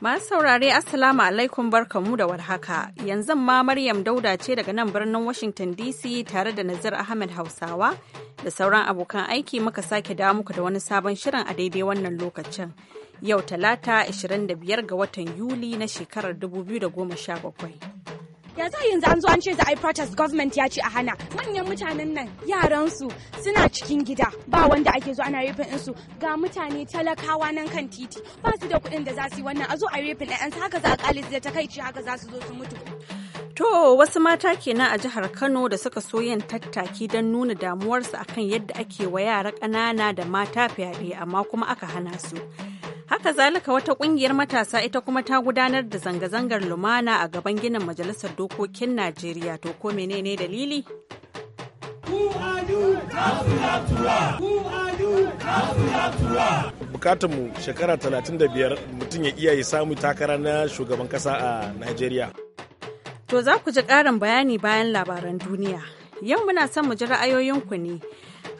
Masu saurare Assalamu alaikum barkamu da warhaka. Yanzu ma Maryam Dauda ce daga nan birnin Washington DC tare da Nazir Ahmed Hausawa da sauran abokan aiki muka sake da muku da wani sabon shirin a daidai wannan lokacin. Yau Talata 25 ga watan Yuli na shekarar 2017. ya za yanzu an zo an ce za a yi protest government ya ce a hana manyan mutanen nan yaran suna cikin gida ba wanda ake zo ana rufe insu ga mutane talakawa nan kan titi ba su da kuɗin da za su yi wannan a zo a na ɗayansu haka za a ƙale su da takaici haka za su zo su mutu To wasu mata kenan a jihar Kano da suka so yin tattaki don nuna damuwarsu akan yadda ake wa yara kanana da mata fyaɗe amma kuma aka hana su. Haka zalika wata kungiyar matasa ita kuma ta gudanar da zanga-zangar lumana a gaban ginin Majalisar Dokokin Najeriya to ko menene dalili? Bukatunmu shekara 35 mutum ya iya yi samu takara na shugaban kasa a Najeriya. To za ku ji ƙarin bayani bayan labaran duniya. Yau muna son mu ji ra'ayoyinku ne.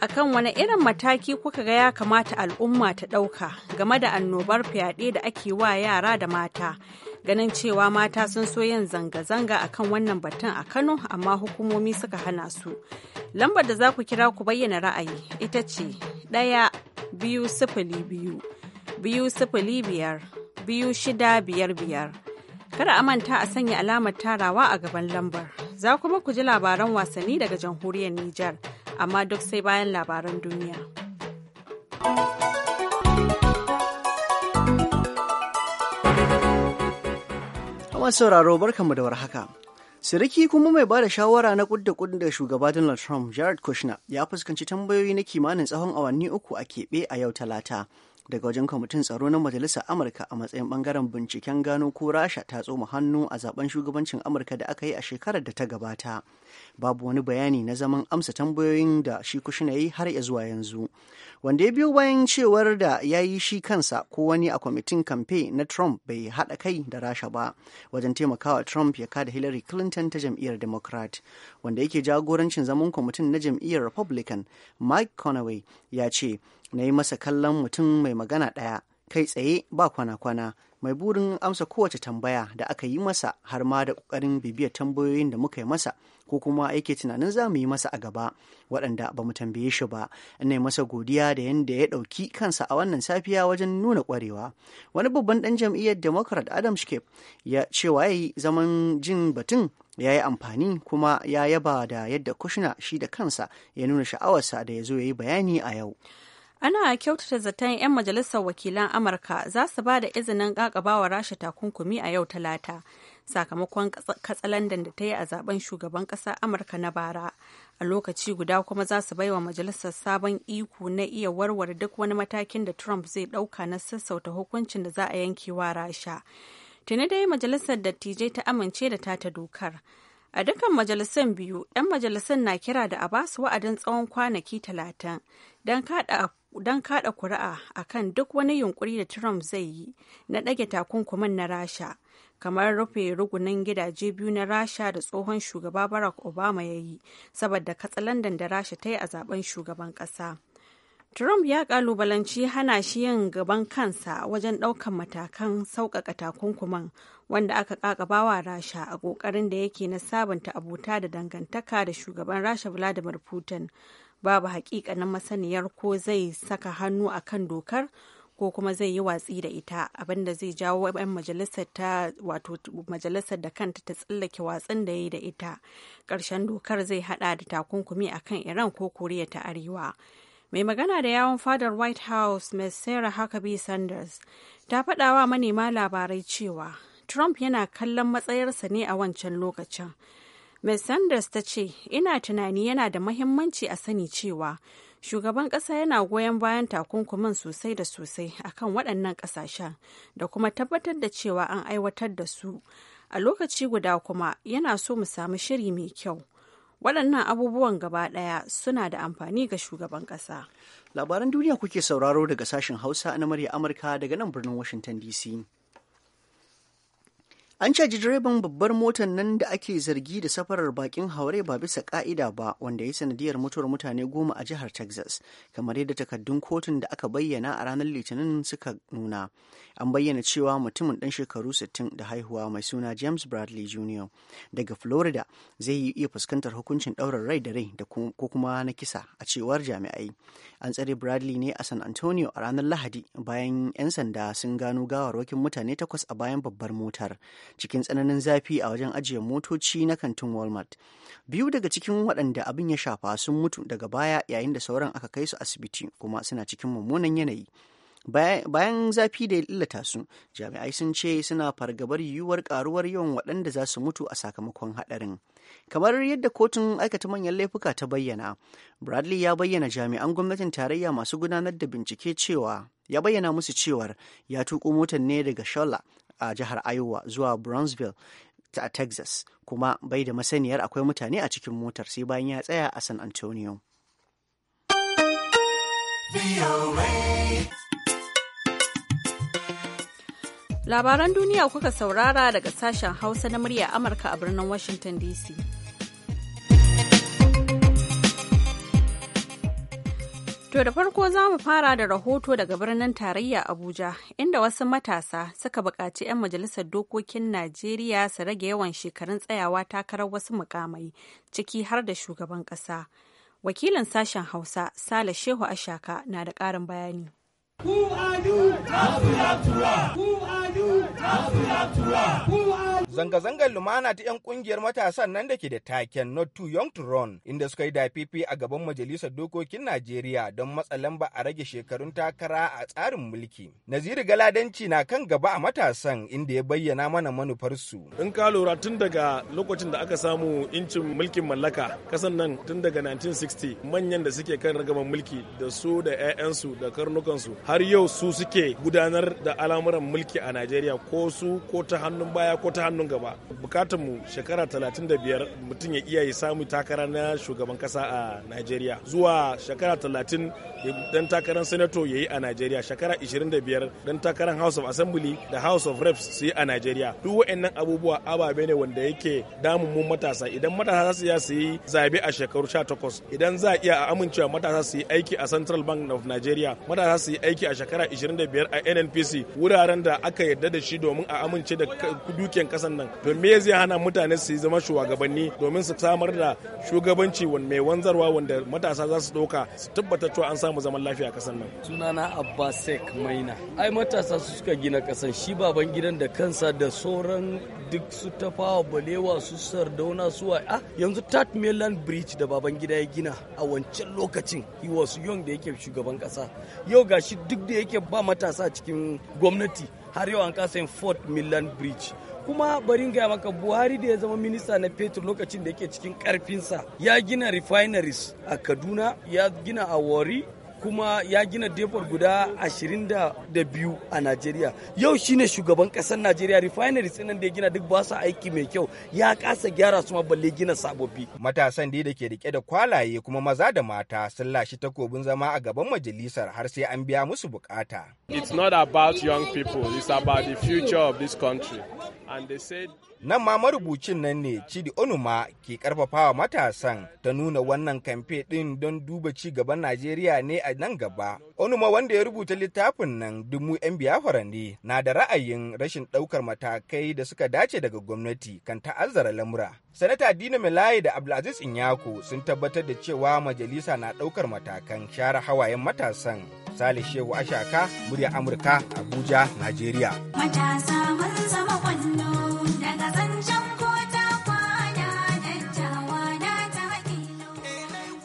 akan wani irin mataki kuka ga ya kamata al'umma ta ɗauka game da annobar fyaɗe da ake wa yara da mata ganin cewa mata sun so yin zanga-zanga akan wannan batun a kano amma hukumomi suka hana su lambar da za ku kira ku bayyana ra'ayi ita ce ɗaya biyu sifili biyu biyu sifili biyar biyu shida biyar biyar kada a manta a sanya alamar tarawa a gaban lambar za kuma ku ji labaran wasanni daga jamhuriyar nijar amma duk sai bayan labaran duniya. Kamar sauraro barkanmu da warhaka. Siriki kuma mai bada shawara na kudda da shugaba Donald Trump, Jared Kushner, ya fuskanci tambayoyi na kimanin tsawon awanni uku a keɓe a yau talata. daga wajen kwamitin tsaro na majalisar amurka a matsayin bangaren binciken gano ko rasha ta tsoma hannu a zaben shugabancin amurka da aka yi a shekarar da ta gabata babu wani bayani na zaman amsa tambayoyin da shi kushina yi har ya zuwa yanzu wanda ya biyo bayan cewar da ya yi shi kansa ko wani a kwamitin kamfe na trump bai haɗa kai da rasha ba wajen taimakawa trump ya kada hillary clinton ta jam'iyyar democrat wanda yake jagorancin zaman kwamitin na jam'iyyar republican mike conaway ya ce na yi masa kallon mutum mai magana ɗaya kai tsaye ba kwana-kwana mai burin amsa kowace tambaya da aka yi masa har ma da ƙoƙarin bibiyar tambayoyin da muka yi masa ko kuma yake tunanin za mu yi masa a gaba waɗanda ba mu tambaye shi ba ina yi masa godiya da yadda ya ɗauki kansa a wannan safiya wajen nuna ƙwarewa wani babban ɗan jam'iyyar democrat adam schiff ya cewa ya yi zaman jin batun ya yi amfani kuma ya yaba da yadda kushna shi da kansa ya nuna sha'awarsa da ya zo ya yi bayani a yau ana kyautata zaton 'yan majalisar wakilan amurka za su ba da izinin kakabawa rasha takunkumi a yau talata sakamakon katsalandan da ta yi a zaben shugaban ƙasar amurka na bara a lokaci guda kuma za su baiwa majalisar sabon iko na iya warware duk wani matakin da trump zai ɗauka na sassauta hukuncin da za a yankewa rasha tuni dai majalisar dattijai ta amince da tata dokar a dukkan majalisun biyu 'yan majalisun na kira da a basu wa'adin tsawon kwanaki talatin don kada don kada kuri'a a kan duk wani yunkuri da Trump zai yi na ɗage takunkumin na Rasha, kamar rufe rugunan gidaje biyu na Rasha da tsohon shugaba Barack Obama ya yi saboda katsalandan da Rasha ta yi a zaben shugaban ƙasa. Trump ya kalubalanci hana shi yin gaban kansa wajen ɗaukan matakan sauƙaƙa takunkuman wanda aka ƙaƙabawa Rasha a ƙoƙarin da yake na sabunta abota da dangantaka da shugaban Rasha Vladimir Putin. babu hakikanin masaniyar ko zai saka hannu a kan dokar ko kuma zai yi watsi da ita abinda zai jawo 'yan majalisar ta majalisar da kanta ta tsallake watsin da ya yi da ita ƙarshen dokar zai hada da takunkumi a kan iran ko koriya ta arewa mai magana da yawon fadar white house ms sarah huckabee sanders ta faɗawa manema labarai cewa trump yana kallon matsayarsa ne a wancan lokacin Ms. Sanders ta ce, "Ina tunani yana da mahimmanci a sani cewa shugaban ƙasa yana goyon bayan takunkumin sosai da sosai a kan waɗannan ƙasashen da kuma tabbatar da cewa an aiwatar da su. A lokaci guda kuma yana so mu samu shiri mai kyau. Waɗannan abubuwan gaba ɗaya suna da amfani ga shugaban ƙasa. Labaran duniya kuke sauraro daga sashen Hausa na murya Amurka daga nan birnin Washington DC. An caji direban babbar motar nan da ake zargi da safarar bakin haure ba bisa ka'ida ba wanda ya sanadiyar mutuwar mutane goma a jihar Texas, kamar yadda takaddun kotun da aka bayyana a ranar Litinin suka nuna. An bayyana cewa mutumin ɗan shekaru 60 da haihuwa mai suna James Bradley Jr. daga Florida zai yi iya fuskantar hukuncin ɗaurin rai da rai ko kuma na kisa a cewar jami'ai. An tsare Bradley ne a San Antonio a ranar Lahadi bayan 'yan sanda sun gano gawarwakin mutane takwas a bayan babbar motar. cikin tsananin zafi a wajen ajiye motoci na kantin walmart biyu daga cikin waɗanda abin ya shafa sun mutu daga baya yayin da sauran aka kai su asibiti kuma suna cikin mummunan yanayi bayan zafi da ya illata su jami'ai sun ce suna fargabar yiwuwar karuwar yawan waɗanda za su mutu a sakamakon haɗarin kamar yadda kotun aikata manyan laifuka ta bayyana bradley ya bayyana jami'an gwamnatin tarayya masu gudanar da bincike cewa ya bayyana musu cewar ya tuko motar ne daga shola a jihar Iowa zuwa Brownsville ta Texas kuma bai da masaniyar akwai mutane a cikin motar sai bayan ya tsaya a San Antonio. Labaran duniya kuka saurara daga sashen Hausa na murya Amurka a birnin Washington DC. To da farko za mu fara da rahoto daga birnin tarayya Abuja, inda wasu matasa suka buƙaci 'yan majalisar dokokin Najeriya su rage yawan shekarun tsayawa takarar wasu mukamai, ciki har da shugaban ƙasa. Wakilin sashen Hausa, Sale Shehu Ashaka, na da ƙarin bayani. Who are you? Who are you? zanga-zangar lumana ta 'yan kungiyar matasan nan da ke da taken not too young to run inda suka yi dafifi a gaban majalisar dokokin najeriya don matsa lamba a rage shekarun takara a tsarin mulki Naziru galadanci na kan gaba a matasan inda ya bayyana mana manufarsu in ka lura tun daga lokacin da aka samu incin mulkin mallaka kasan nan tun daga 1960 manyan da suke kan ragaman mulki da su da 'ya'yansu da karnukansu har yau su suke gudanar da al'amuran mulki a najeriya ko su ko ta hannun baya ko ta hannun gaba bukatar mu shekara 35 mutum ya iya ya samu takara na shugaban kasa a najeriya zuwa shekara 30 dan takarar senator ya yi a najeriya shekara 25 dan takarar house of assembly da house of reps su yi a najeriya duk wa'annan abubuwa ababe ne wanda yake damun mu matasa idan matasa su ya su yi zabe a shekaru 18 idan za a iya a amincewa matasa su yi aiki a central bank of nigeria matasa su yi aiki mulki a shekara 25 a NNPC wuraren da aka yarda da shi domin a amince da dukiyar kasan nan to me zai hana mutane su yi zama shugabanni domin su samar da shugabanci mai wanzarwa wanda matasa za su ɗauka su tabbatar cewa an samu zaman lafiya a kasan nan sunana Abbasek Maina ai matasa su suka gina kasan shi baban gidan da kansa da sauran duk su tafawa balewa su sardauna su a ah, yanzu tat mainland bridge da baban gida ya gina a wancan lokacin he was young da yake shugaban kasa yau gashi duk da yake ba matasa cikin gwamnati har yau an kasa yin fort milan bridge kuma barin gaya maka buhari da ya zama minista na fetur lokacin da yake cikin karfinsa ya gina refineries a kaduna ya gina a wari kuma ya gina depot guda 22 a Najeriya. Yau shine shugaban kasar Najeriya refineries nan da ya gina duk ba aiki mai kyau ya kasa gyara su ma balle gina sababbi. Matasan dai da ke rike da kwalaye kuma maza da mata sun lashe takobin zama a gaban majalisar har sai an biya musu bukata. It's not about young people, it's about the future of this country. And they said Nan ma marubucin nan ne Chidi Onuma ke karfafawa matasan ta nuna wannan kamfe ɗin don duba ci gaban Najeriya ne a nan gaba. Onuma wanda ya rubuta littafin nan dumu 'yan biyafara ne na da ra'ayin rashin ɗaukar matakai da suka dace daga gwamnati kan ta'azzara lamura. Sanata Dina Milaye da Abdulaziz Inyako sun tabbatar da cewa majalisa na ɗaukar matakan share hawayen matasan. Sale Shehu Ashaka, murya Amurka, Abuja, Najeriya. Matasa zama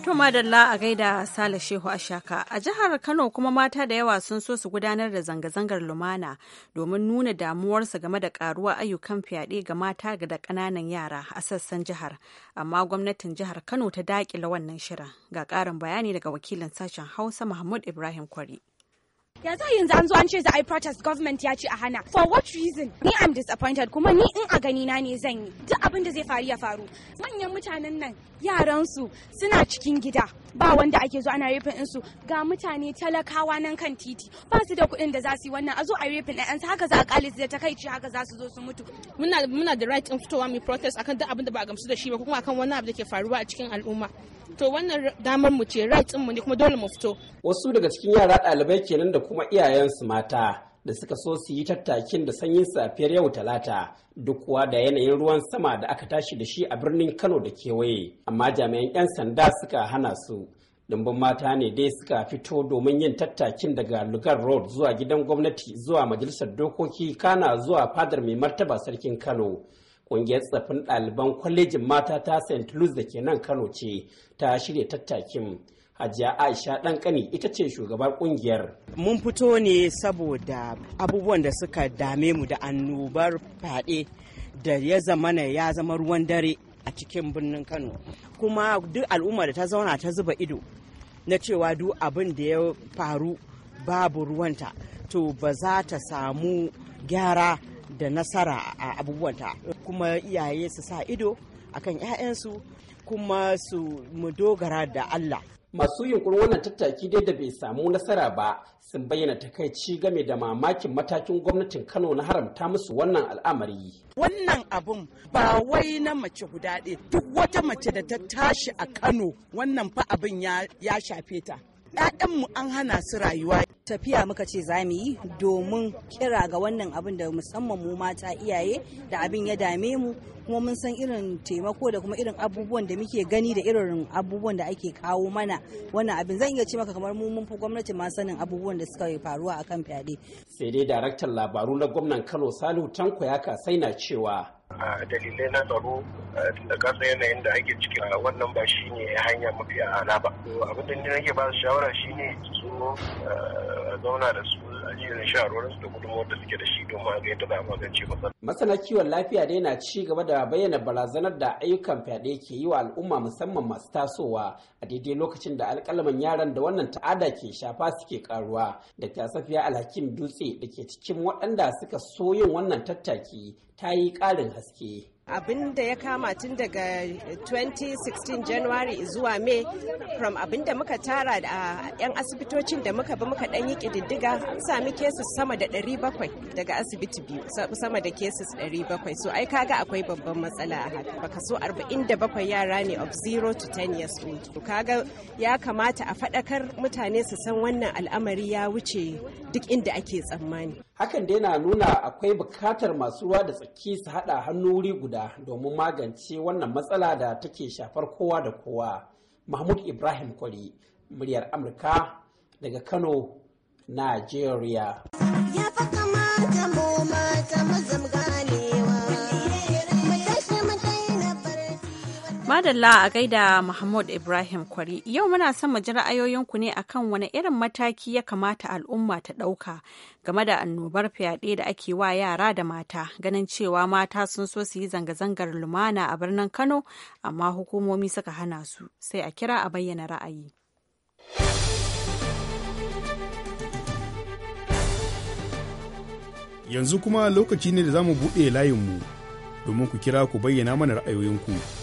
To madalla a gaida Sale Shehu Ashaka. A jihar Kano kuma mata da yawa sun so su gudanar da zanga-zangar lumana domin nuna damuwarsu game da karuwa ayyukan fyaɗe ga mata da ƙananan yara a sassan jihar. Amma gwamnatin jihar Kano ta daƙila wannan shirin. Ga ƙarin bayani daga wakilin sashen Hausa Mahmud Ibrahim Kwari. yanzu an zo an ce za a yi protest government ya ce a hana for what reason ni am disappointed kuma ni in a gani na ne zan yi duk abin da zai faru ya faru manyan mutanen nan yaran su suna cikin gida ba wanda ake zo ana rufin insu ga mutane talakawa nan kan titi ba su da kuɗin da za su yi wannan a zo a rufin su haka za a kale su da takaici haka za su zo su mutu muna muna da right in fitowa mu protest akan duk abin da ba a gamsu da shi ba kuma akan wani abu da ke faruwa a cikin al'umma to wannan damar mu ce right mu ne kuma dole mu fito wasu daga cikin yara ɗalibai kenan da kuma iyayensu mata da suka so su yi tattakin da sanyin safiyar yau talata duk kuwa da yanayin ruwan sama da aka tashi da shi a birnin kano da kewaye amma jami'an 'yan sanda suka hana su dimbin mata ne dai suka fito domin yin tattakin daga lugar road zuwa gidan gwamnati zuwa majalisar dokoki kana zuwa fadar mai martaba sarkin kano Ƙungiyar tsafin ɗaliban kwalejin mata ta St. Louis da ke nan Kano ce ta shirya tattakin. Hajiya Aisha ɗan Ɗanƙani ita ce shugabar ƙungiyar. Mun fito ne saboda abubuwan da suka dame mu da annobar fyaɗe da ya zamana ya zama ruwan dare a cikin birnin Kano. Kuma duk al'umma da ta zauna ta zuba ido na cewa duk abin da ya faru babu ruwanta to ba za ta samu gyara da nasara a abubuwanta kuma iyaye su sa ido akan 'ya'yansu kuma su mu dogara da Allah. Masu yunkurin wannan tattaki dai da bai samu nasara ba sun bayyana takaici game da mamakin matakin gwamnatin Kano na haramta musu wannan al'amari. Wannan abun ba wai na mace guda ɗaya duk wata mace da ta tashi a Kano wannan fa abin ya shafe ta. 'ya'yanmu an hana su rayuwa tafiya muka ce za mu yi domin kira ga wannan abin da musamman mu mata iyaye da abin ya dame mu kuma mun san irin taimako da kuma irin abubuwan da muke gani da irin abubuwan da ake kawo mana wannan abin zan iya ce maka kamar mu mun fi gwamnati ma sanin abubuwan da suka faruwa akan fyaɗe. sai dai daraktan labaru na gwamnan kano salihu tanko ya kasai na cewa dalilai na tsaro da kasa yanayin da ake ciki a wannan ba shi ne hanya mafi ala ba abin da nake ba shawara shi ne su zauna da su irin da gudunmawar da suke da shi don magance magance Masana kiwon lafiya dai na ci gaba da bayyana barazanar da ayyukan fyaɗe ke yi wa al'umma musamman masu tasowa a daidai lokacin da alƙalaman yaran da wannan ta'ada ke shafa suke karuwa. Da ta Safiya alhakin Dutse da ke cikin waɗanda suka so yin wannan tattaki ta yi ƙarin haske. abin da ya kama tun daga 2016 january zuwa may from abin da muka tara a 'yan asibitocin da muka bi muka yi kididdiga sami kesus sama da 700 daga asibiti biyu sama da cases 700 so ai kaga akwai babban matsala a haka baka so 47 yara ne of 0 to 10 years old kaga ya kamata a faɗakar mutane su san wannan al'amari ya wuce duk inda ake tsammani hakan dai na nuna akwai bukatar masu ruwa da tsaki su haɗa hannu wuri guda guda domin magance wannan matsala da take shafar kowa da kowa mahmud ibrahim kwari muryar amurka daga kano nigeria ya madalla a gaida Mahmud Ibrahim Kwari. Yau muna son mu ji ra'ayoyinku ne akan wani irin mataki ya kamata al'umma ta ɗauka game da annobar fyaɗe da ake wa yara da mata, ganin cewa mata sun so su yi zanga-zangar lumana a birnin Kano, amma hukumomi suka hana su. Sai a kira a bayyana ra'ayi. Yanzu kuma lokaci ne da za mu buɗe layinmu domin ku kira ku bayyana mana ra'ayoyinku.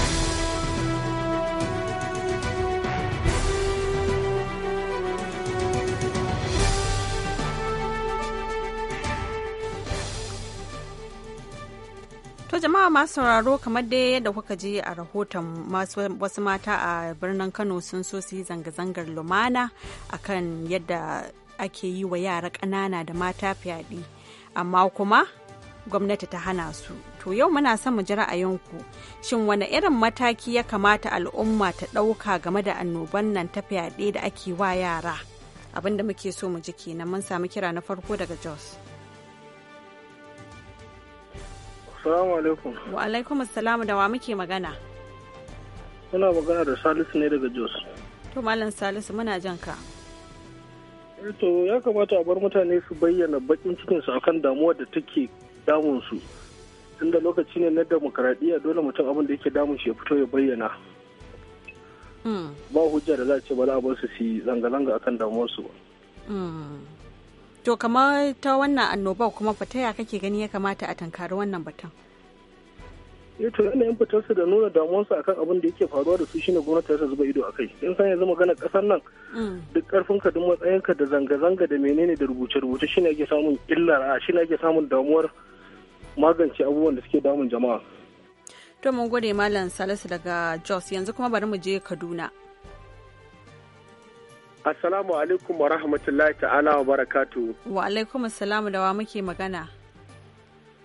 masu sauraro kamar dai yadda kuka ji a rahoton wasu mata a birnin Kano sun so su yi zanga-zangar lumana a kan yadda ake yi wa yara ƙanana da mata fyaɗe amma kuma gwamnati ta hana su to yau muna son mu ji ra'ayinku shin wane irin mataki ya kamata al'umma ta ɗauka game da annoban nan ta fyaɗe da ake wa yara abinda muke so mu ji kenan mun samu kira na farko daga jos Salamu alaikum. Wa alaikum assalamu da wa muke magana. Muna magana da Salisu ne daga Jos. To Malam Salisu muna jan ka. Eh, to ya kamata a bar mutane su bayyana bakin cikinsu akan damuwa da take damunsu. Tunda lokaci ne na demokaradiyya dole mutum abin da yake damun shi ya fito ya bayyana. Hmm. Ba hujja da za a ce ba za a bar su su yi zanga-zanga akan damuwarsu ba. Hmm. to kamar ta wannan annoba kuma fata ya kake gani ya kamata a tankari wannan batun eh, to yanayin fitarsu da nuna damuwarsu akan abin da yake faruwa da su shine gwamnati ta zuba ido a kai in san yanzu magana kasar nan mm. duk karfin ka duk matsayinka da zanga-zanga da menene da rubuce-rubuce shine yake samun illa shine yake samun damuwar magance abubuwan da suke damun jama'a to mun gode malam salisu daga jos yanzu kuma bari mu je kaduna Assalamu alaikum wa rahmatullahi ta'ala wa barakatu. Wa alaikum assalamu da wa muke magana.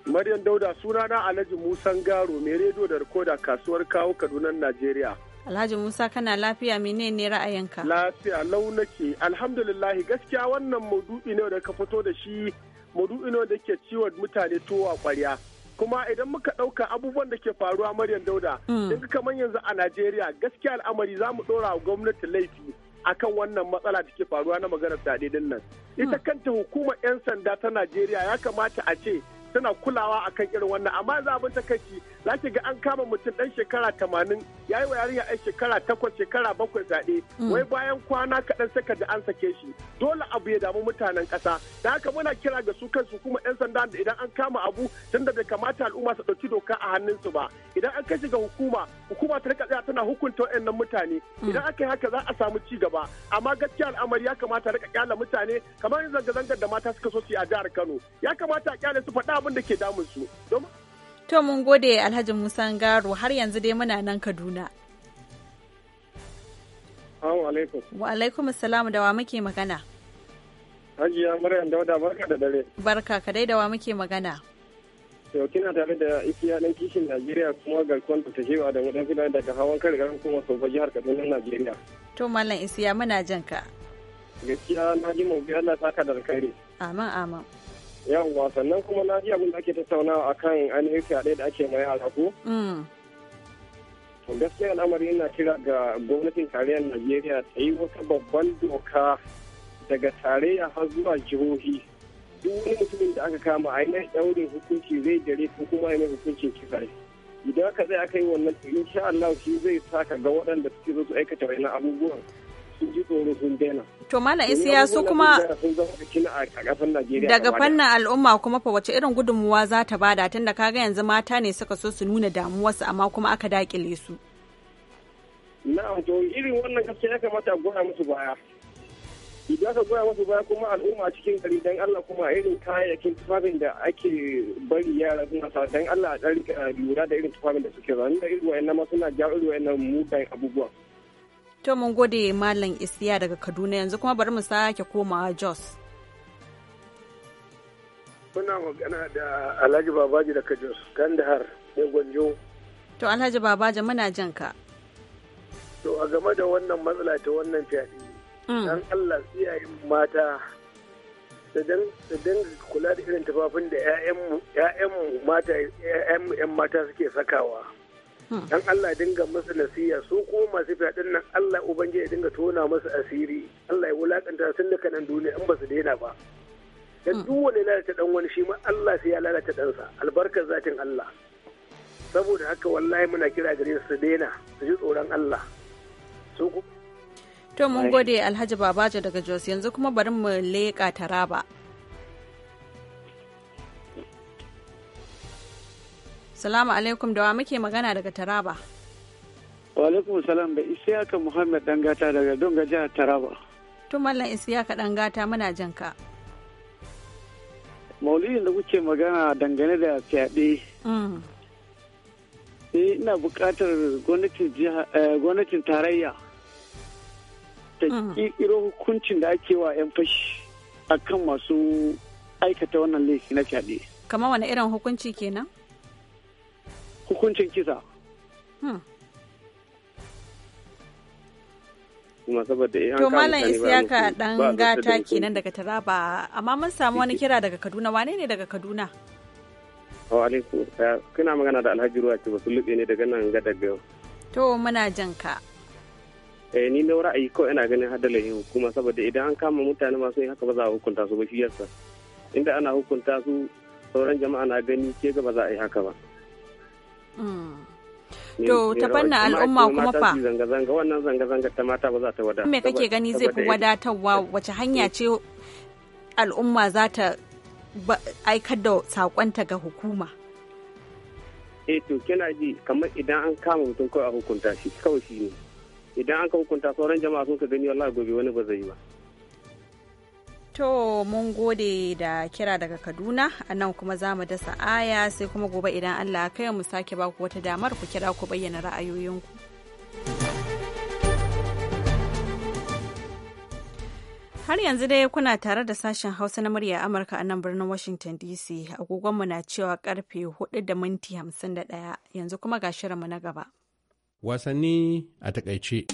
Maryam Dauda sunana Alhaji Musan Garo mai rediyo da rikoda kasuwar kawo kadunan Najeriya. Alhaji Musa kana lafiya menene ra'ayinka? Lafiya lau nake alhamdulillahi gaskiya wannan maudu'i ne da ka fito da shi maudu'i ne da ke ciwon mutane towa kwarya. kuma idan muka ɗauka abubuwan da ke faruwa Maryam Dauda, mm. in kamar yanzu a Najeriya gaskiya al'amari za mu ɗora wa gwamnati laifi. akan wannan matsala da ke faruwa na maganar fyaɗe din nan ita hmm. kanta hukumar 'yan sanda ta najeriya ya kamata a ce tana kulawa akan irin wannan amma za abin takaici za ki ga an kama mutum dan shekara tamanin ya yi wa yarinya yan shekara takwas shekara bakwai zaɓe mm. wai bayan kwana kaɗan saka da an sake shi dole abu ya damu mutanen ƙasa da haka muna kira ga su kansu kuma yan sanda da idan an kama abu tunda bai kamata al'umma su ɗauki doka a hannunsu ba idan an kai ga hukuma hukuma ta rika tsaya tana hukunta wayannan mutane mm. idan aka yi haka za a samu ci gaba amma gaskiya al'amari ya kamata rika kyala mutane kamar zanga-zangar da mata suka so su yi a jihar Kano ya kamata a kyale su faɗa abin da ke damun su to mun gode alhaji musa garo har yanzu dai muna nan kaduna wa alaikum salam da wa muke magana hajiya maryam dauda barka da dare barka ka dai da wa muke magana to kina tare da ikiya na kishin najeriya kuma garkon ta shewa da wadansu da daga hawan kare garin kuma sofa jihar kaduna najeriya to mallam isiya muna jan ka gaskiya na ji mu bi allah saka da alkhairi amin amin yawwa sannan kuma na ji abin da ake tattaunawa akan ainihin fyaɗe da ake mai alaƙo. Mm. to gaskiya al'amari yana kira ga gwamnatin tarayyar najeriya ta yi wata babban doka daga tarayya har zuwa jihohi duk wani mutumin da aka kama a yana ɗaurin hukunci zai dare ko kuma yana hukuncin kisa idan aka zai aka yi wannan to insha Allah shi zai saka ga waɗanda suke zo su aikata wannan abubuwan sun ji tsoro sun daina. To mana in su kuma daga fannin al'umma kuma fa wace irin gudunmuwa za ta bada tunda kaga yanzu mata ne suka so su nuna damuwarsu amma kuma aka dakile su. Na'am to irin wannan gaskiya ya kamata a goya musu baya. Idan ka goya musu baya kuma al'umma cikin gari dan Allah kuma irin kayayyakin tufafin da ake bari yara suna sa dan Allah a lura da irin tufafin da suke zan da irin wayannan ma suna jawo irin wayannan mutane abubuwa. To mun gode Malam Isiya daga Kaduna yanzu kuma bari mu sake komawa Jos. Muna magana da Alhaji Babaji daga Jos, Kandahar, ne gwanjo. To Alhaji Babaji muna jin ka. To a game da wannan matsala ta wannan fyaɗe. Mm. Dan Allah iyayen mata da dinga kula da irin tufafin da 'ya'yan mata suke sakawa. Hmm. dan Allah dinga musu nasiya su ko masu fyaɗin nan Allah ubangiji ya dinga tona musu asiri Allah ya wulakanta sun da nan duniya in ba su daina ba dan hmm. duk wani lalata dan wani shi ma Allah sai ya lalata ɗansa albarkar zatin Allah saboda haka wallahi muna kira gare su daina su ji tsoron Allah su To mun gode Alhaji Babaja daga Jos yanzu kuma bari mu leka Taraba. Salamu alaikum da wa muke magana daga Taraba. Wa alaikum salam da Isiyaka Muhammad Dangata daga Dunga jihar Taraba. Tun mallan Isiyaka Dangata muna jin ka. Maulidin da kuke magana dangane da fyaɗe. Sai mm. eh, ina buƙatar gwamnatin eh, tarayya ta mm. ƙirƙiro hukuncin da ake wa 'yan fashi akan masu aikata wannan laifi na fyaɗe. Kamar wani irin hukunci kenan? hukuncin kisa hmm. kuma saboda eh to malam isiyaka dan gata kenan daga taraba amma mun samu wani kira daga kaduna wane ne daga kaduna wa alaikum kuna magana da alhaji ruwa ce basu lube ne daga nan ga daga to muna jan ka eh ni na ra'ayi ko ina ganin hadala yau hukuma saboda idan an kama mutane masu yin haka ba za a hukunta su ba shi yasa inda ana hukunta su sauran jama'a na gani ke ga ba za a yi haka ba Mm. To ta fanna al'umma kuma fa. Zanga-zanga wannan zanga-zanga ta mata ba za ta wadatar. Me kake gani zai fi wadatarwa wace hanya eh. ce al'umma za ta aikar da sakonta ga hukuma? Eh to kina ji kamar idan an kama mutum kawai a hukunta shi kawai shi ne. Idan an ka hukunta sauran jama'a sun ka gani wallahi gobe wani ba zai yi ba. To mun gode da kira daga Kaduna a nan kuma za mu dasa aya sai kuma gobe idan Allah kai mu sake ba ku wata damar ku kira ku bayyana ra'ayoyinku. Har yanzu dai kuna tare da sashen Hausa na murya Amurka a nan birnin Washington DC agogonmu na cewa karfe 4 da minti 51 yanzu kuma ga shirinmu na gaba. Wasanni a takaice.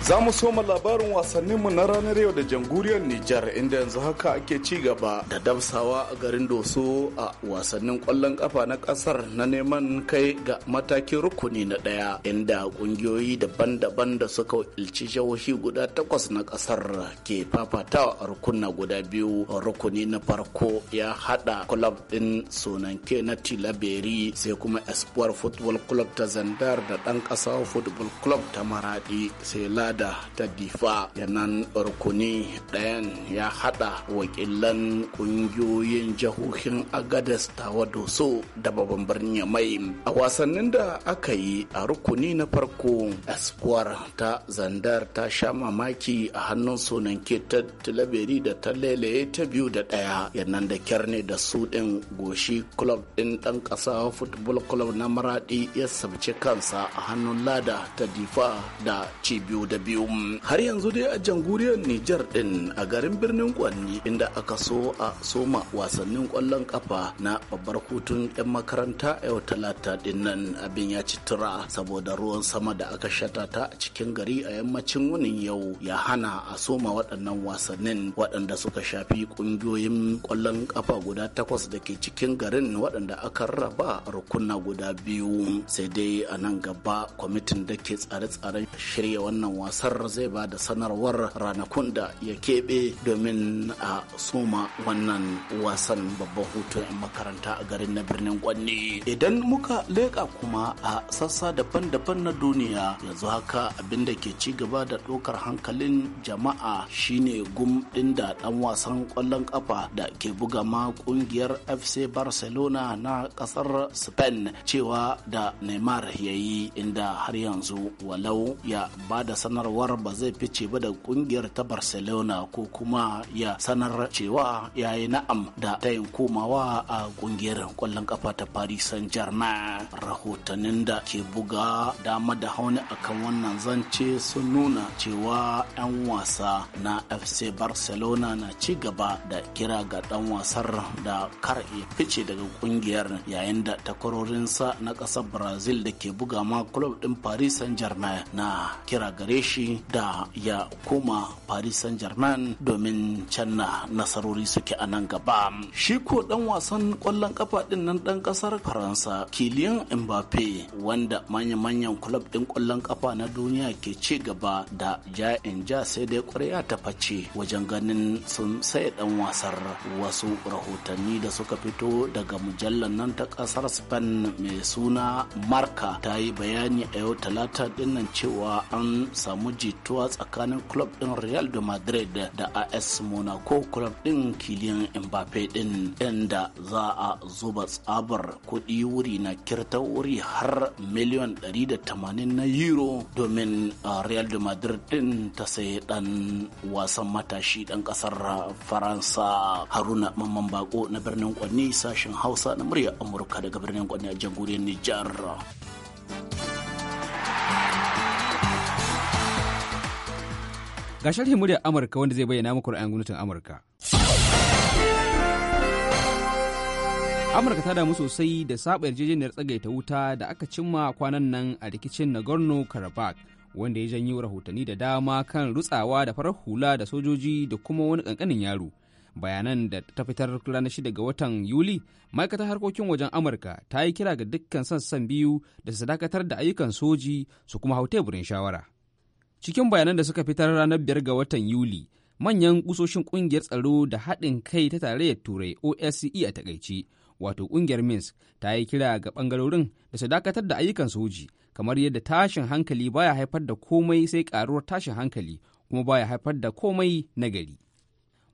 Za mu soma labarin wasanninmu na ranar yau da jamhuriyar Nijar inda yanzu haka ake ci gaba da damsawa a garin Doso a wasannin kwallon kafa na kasar na neman kai ga matakin rukuni na ɗaya inda kungiyoyi daban-daban da suka ilci jihohi guda takwas na kasar ke fafatawa a rukunna guda biyu rukuni na farko ya hada club din Sonanke na Tilaberi sai kuma Espoir Football Club ta Zandar da ɗan ƙasa Football Club ta Maradi sai Lada da ta difa yanan rukuni ɗayan ya haɗa wakilan ƙungiyoyin jahohin agadas tawa doso da babban birnin mai a wasannin da aka yi a rukuni na farko espoir ta zandar ta sha mamaki a hannun sunan ta tilaberi da ta lelaye ta biyu da ɗaya yanan da kyarne da su ɗin goshi club ɗin ɗan ƙasa football club na maraɗi ya sabce kansa a hannun lada ta difa da cibiyu da biyu har yanzu dai a janguriyar Nijar din a garin birnin Kwanni inda aka so a soma wasannin kwallon kafa na babbar hutun 'yan makaranta yau talata din nan abin ya ci tura saboda ruwan sama da aka shatata a cikin gari a yammacin wunin yau ya hana a soma waɗannan wasannin waɗanda suka shafi ƙungiyoyin kwallon kafa guda takwas da ke cikin garin waɗanda aka raba rukunna guda biyu sai dai a nan gaba kwamitin da ke tsare-tsaren shirya wannan wasannin. masar zai ba da sanarwar ranakun da ya keɓe domin a soma wannan wasan babban hutu makaranta a garin na birnin kwanne idan muka leƙa kuma a sassa daban-daban na duniya yanzu haka abin da ke ci gaba da ɗaukar hankalin jama'a shine gum ɗin da ɗan wasan ƙwallon ƙafa da ke buga ma ƙungiyar fc barcelona na ƙasar spain cewa da neymar ya yi inda har yanzu walau ya ba da sanar sanarwar ba zai fice ba da kungiyar ta barcelona ko kuma ya sanar cewa ya yi na'am da tayin komawa a kungiyar kwallon kafa ta paris saint germain rahotannin da ke buga dama da hauni akan wannan zance sun nuna cewa 'yan wasa na fc barcelona na ci gaba da kira ga dan wasar da kar ya fice daga kungiyar yayin da takwarorinsa na ƙasar brazil da ke buga ma club din paris saint germain na kira gare shi da ya koma paris saint germain domin can na nasarori suke a nan gaba shi ko dan wasan kwallon kafa din nan dan kasar faransa kiliyan mbappe wanda manya-manyan kulab din kwallon kafa na duniya ke ci gaba da in ja sai dai kwarya ta face wajen ganin sun sai dan wasar wasu rahotanni da suka fito daga mujallar nan ta kasar spain mai suna marka ta yi bayani a yau talata dinnan cewa an samu samu jituwa tsakanin club din Real de Madrid da AS Monaco club din Kylian Mbappe din inda za a zuba tsabar kuɗi wuri na kirta wuri har miliyan 180 na euro domin Real de Madrid din ta sayi dan wasan matashi dan kasar Faransa Haruna Mamman Bako na birnin Kwanni sashen Hausa na murya Amurka daga birnin Kwanni a jamhuriyar Nijar. Ga sharhin muryar Amurka wanda zai bayyana muku ra'ayin gwamnatin Amurka. Amurka ta damu sosai da saba yarjejeniyar tsagaita wuta da aka cimma kwanan nan a rikicin Nagorno-Karabakh wanda ya janyo rahotanni da dama kan rutsawa da farar hula da sojoji da kuma wani kankanin yaro. bayanan da ta fitar ranar shida ga watan yuli ma'aikatar harkokin wajen amurka ta yi kira ga dukkan sassan biyu da su dakatar da ayyukan soji su kuma hau teburin shawara cikin bayanan da suka fitar ranar biyar ga watan yuli manyan kusoshin kungiyar tsaro da haɗin kai ta tarayyar turai osce a takaice wato kungiyar minsk ta yi kira ga bangarorin da su dakatar da ayyukan soji kamar yadda tashin hankali baya haifar da komai sai karuwar tashin hankali kuma baya haifar da komai na gari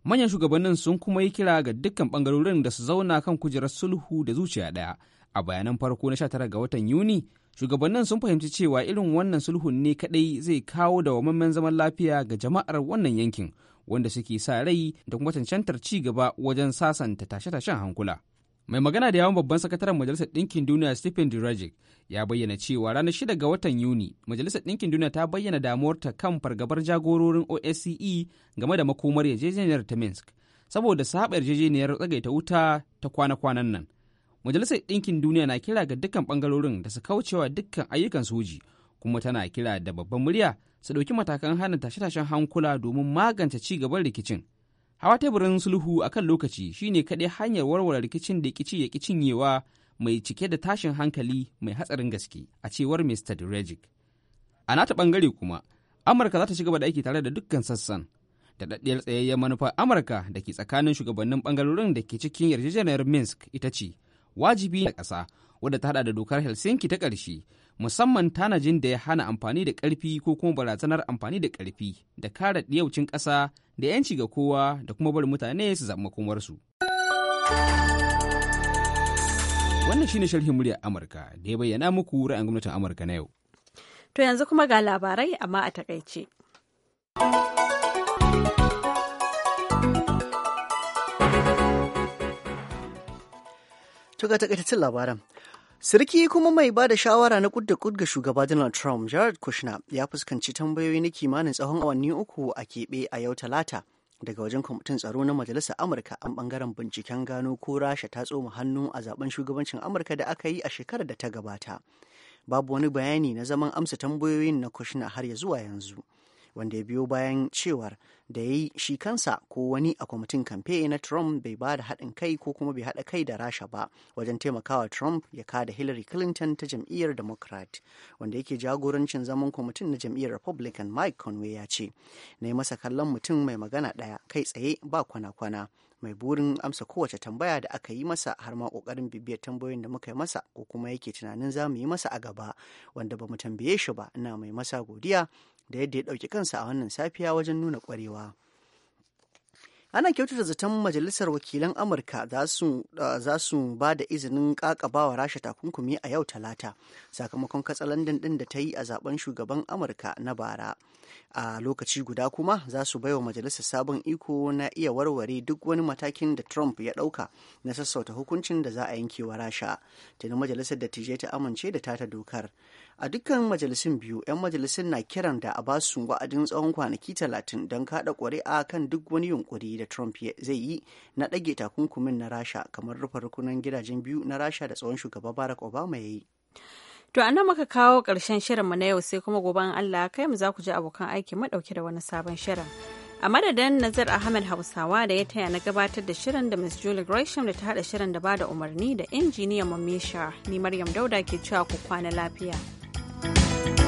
manyan shugabannin sun kuma yi kira ga dukkan bangarorin da su zauna kan kujerar sulhu da zuciya ɗaya a bayanan farko na 19 ga watan yuni shugabannin sun fahimci cewa irin wannan sulhun ne kadai zai kawo da dawwammamen zaman lafiya ga jama'ar wannan yankin wanda suke sa rai da kuma cancantar ci gaba wajen sasanta tashe-tashen hankula mai magana da yawon babban sakataren majalisar ɗinkin duniya stephen durajic ya bayyana cewa ranar shida ga watan yuni majalisar ɗinkin duniya ta bayyana damuwarta kan fargabar jagororin osce game da makomar yarjejeniyar ta minsk saboda saɓa yarjejeniyar tsagaita wuta ta kwana-kwanan nan Majalisar Ɗinkin Duniya na kira ga dukkan ɓangarorin da su kaucewa dukkan ayyukan soji kuma tana kira da babban murya su ɗauki matakan hana tashe-tashen hankula domin magance ci gaban rikicin. Hawa teburin sulhu a kan lokaci shi ne kaɗai hanyar warware rikicin da kici ya cinyewa mai cike da tashin hankali mai hatsarin gaske a cewar Mr. Durejic. A nata ɓangare kuma, Amurka za ta ci gaba da aiki tare da dukkan sassan da daɗaɗɗiyar tsayayyen manufar Amurka da ke tsakanin shugabannin ɓangarorin da ke cikin yarjejeniyar Minsk ita ce wajibi na ƙasa wadda ta hada da dokar helsinki ta ƙarshe musamman tanajin da ya hana amfani da ƙarfi ko kuma barazanar amfani da ƙarfi da kare ɗiyaucin ƙasa da 'yanci ga kowa da kuma bari mutane su zaɓi makomarsu. Wannan shine sharhin muryar Amurka da ya bayyana muku ra'ayin gwamnatin Amurka na yau. To yanzu kuma ga labarai amma a takaice. To ga takaitaccen labaran. Sirki kuma mai ba da shawara na kudda kudga shugaba Donald Trump, Jared Kushner, ya fuskanci tambayoyi na kimanin tsawon awanni uku a keɓe a yau Talata. daga wajen kwamitin tsaro na majalisar amurka an bangaren binciken gano ko rasha ta tsoma hannu a zaben shugabancin amurka da aka yi a shekarar da ta gabata babu wani bayani na zaman amsa tambayoyin na kushner har ya zuwa yanzu wanda ya biyo bayan cewar da ya yi shi kansa ko wani a kwamitin kamfe na Trump bai ba da haɗin kai ko kuma bai haɗa kai da Rasha ba wajen taimakawa Trump ya kada Hillary Clinton ta jam'iyyar Democrat wanda yake jagorancin zaman kwamitin na jam'iyyar Republican Mike Conway ya ce, Na yi masa kallon mutum mai magana ɗaya kai tsaye ba kwana-kwana. mai burin amsa kowace tambaya da aka yi masa har ma kokarin bibiyar tambayoyin da muka yi masa ko kuma yake tunanin za mu yi masa a gaba wanda ba mu tambaye shi ba ina mai masa godiya da yadda ya ɗauki kansa a wannan safiya wajen nuna kwarewa. ana kyautata zaton majalisar wakilan amurka za su uh, ba da izinin kakabawa rasha takunkumi a yau talata sakamakon katsalandan din da ta yi a zaben shugaban amurka na bara a lokaci guda kuma za su baiwa majalisar sabon iko na iya warware duk wani matakin da trump ya dauka na sassauta hukuncin da za a yankewa wa rasha tuni majalisar da ta amince da tata dokar a dukkan majalisun biyu 'yan majalisun na kiran da a basu wa'adin tsawon kwanaki talatin don kada ƙuri'a kan duk wani yunkuri da trump zai yi na ɗage takunkumin na rasha kamar rufe rukunan gidajen biyu na rasha da tsawon shugaba barack obama ya yi to a nan muka kawo ƙarshen shirinmu na yau sai kuma gobe allah kai mu za ku je abokan aiki madauke da wani sabon shirin a madadin nazar ahmed hausawa da ya taya na gabatar da shirin da miss julie gresham da ta hada shirin da ba da umarni da injiniyan mamisha ni maryam dauda ke cewa ku kwana lafiya Bye.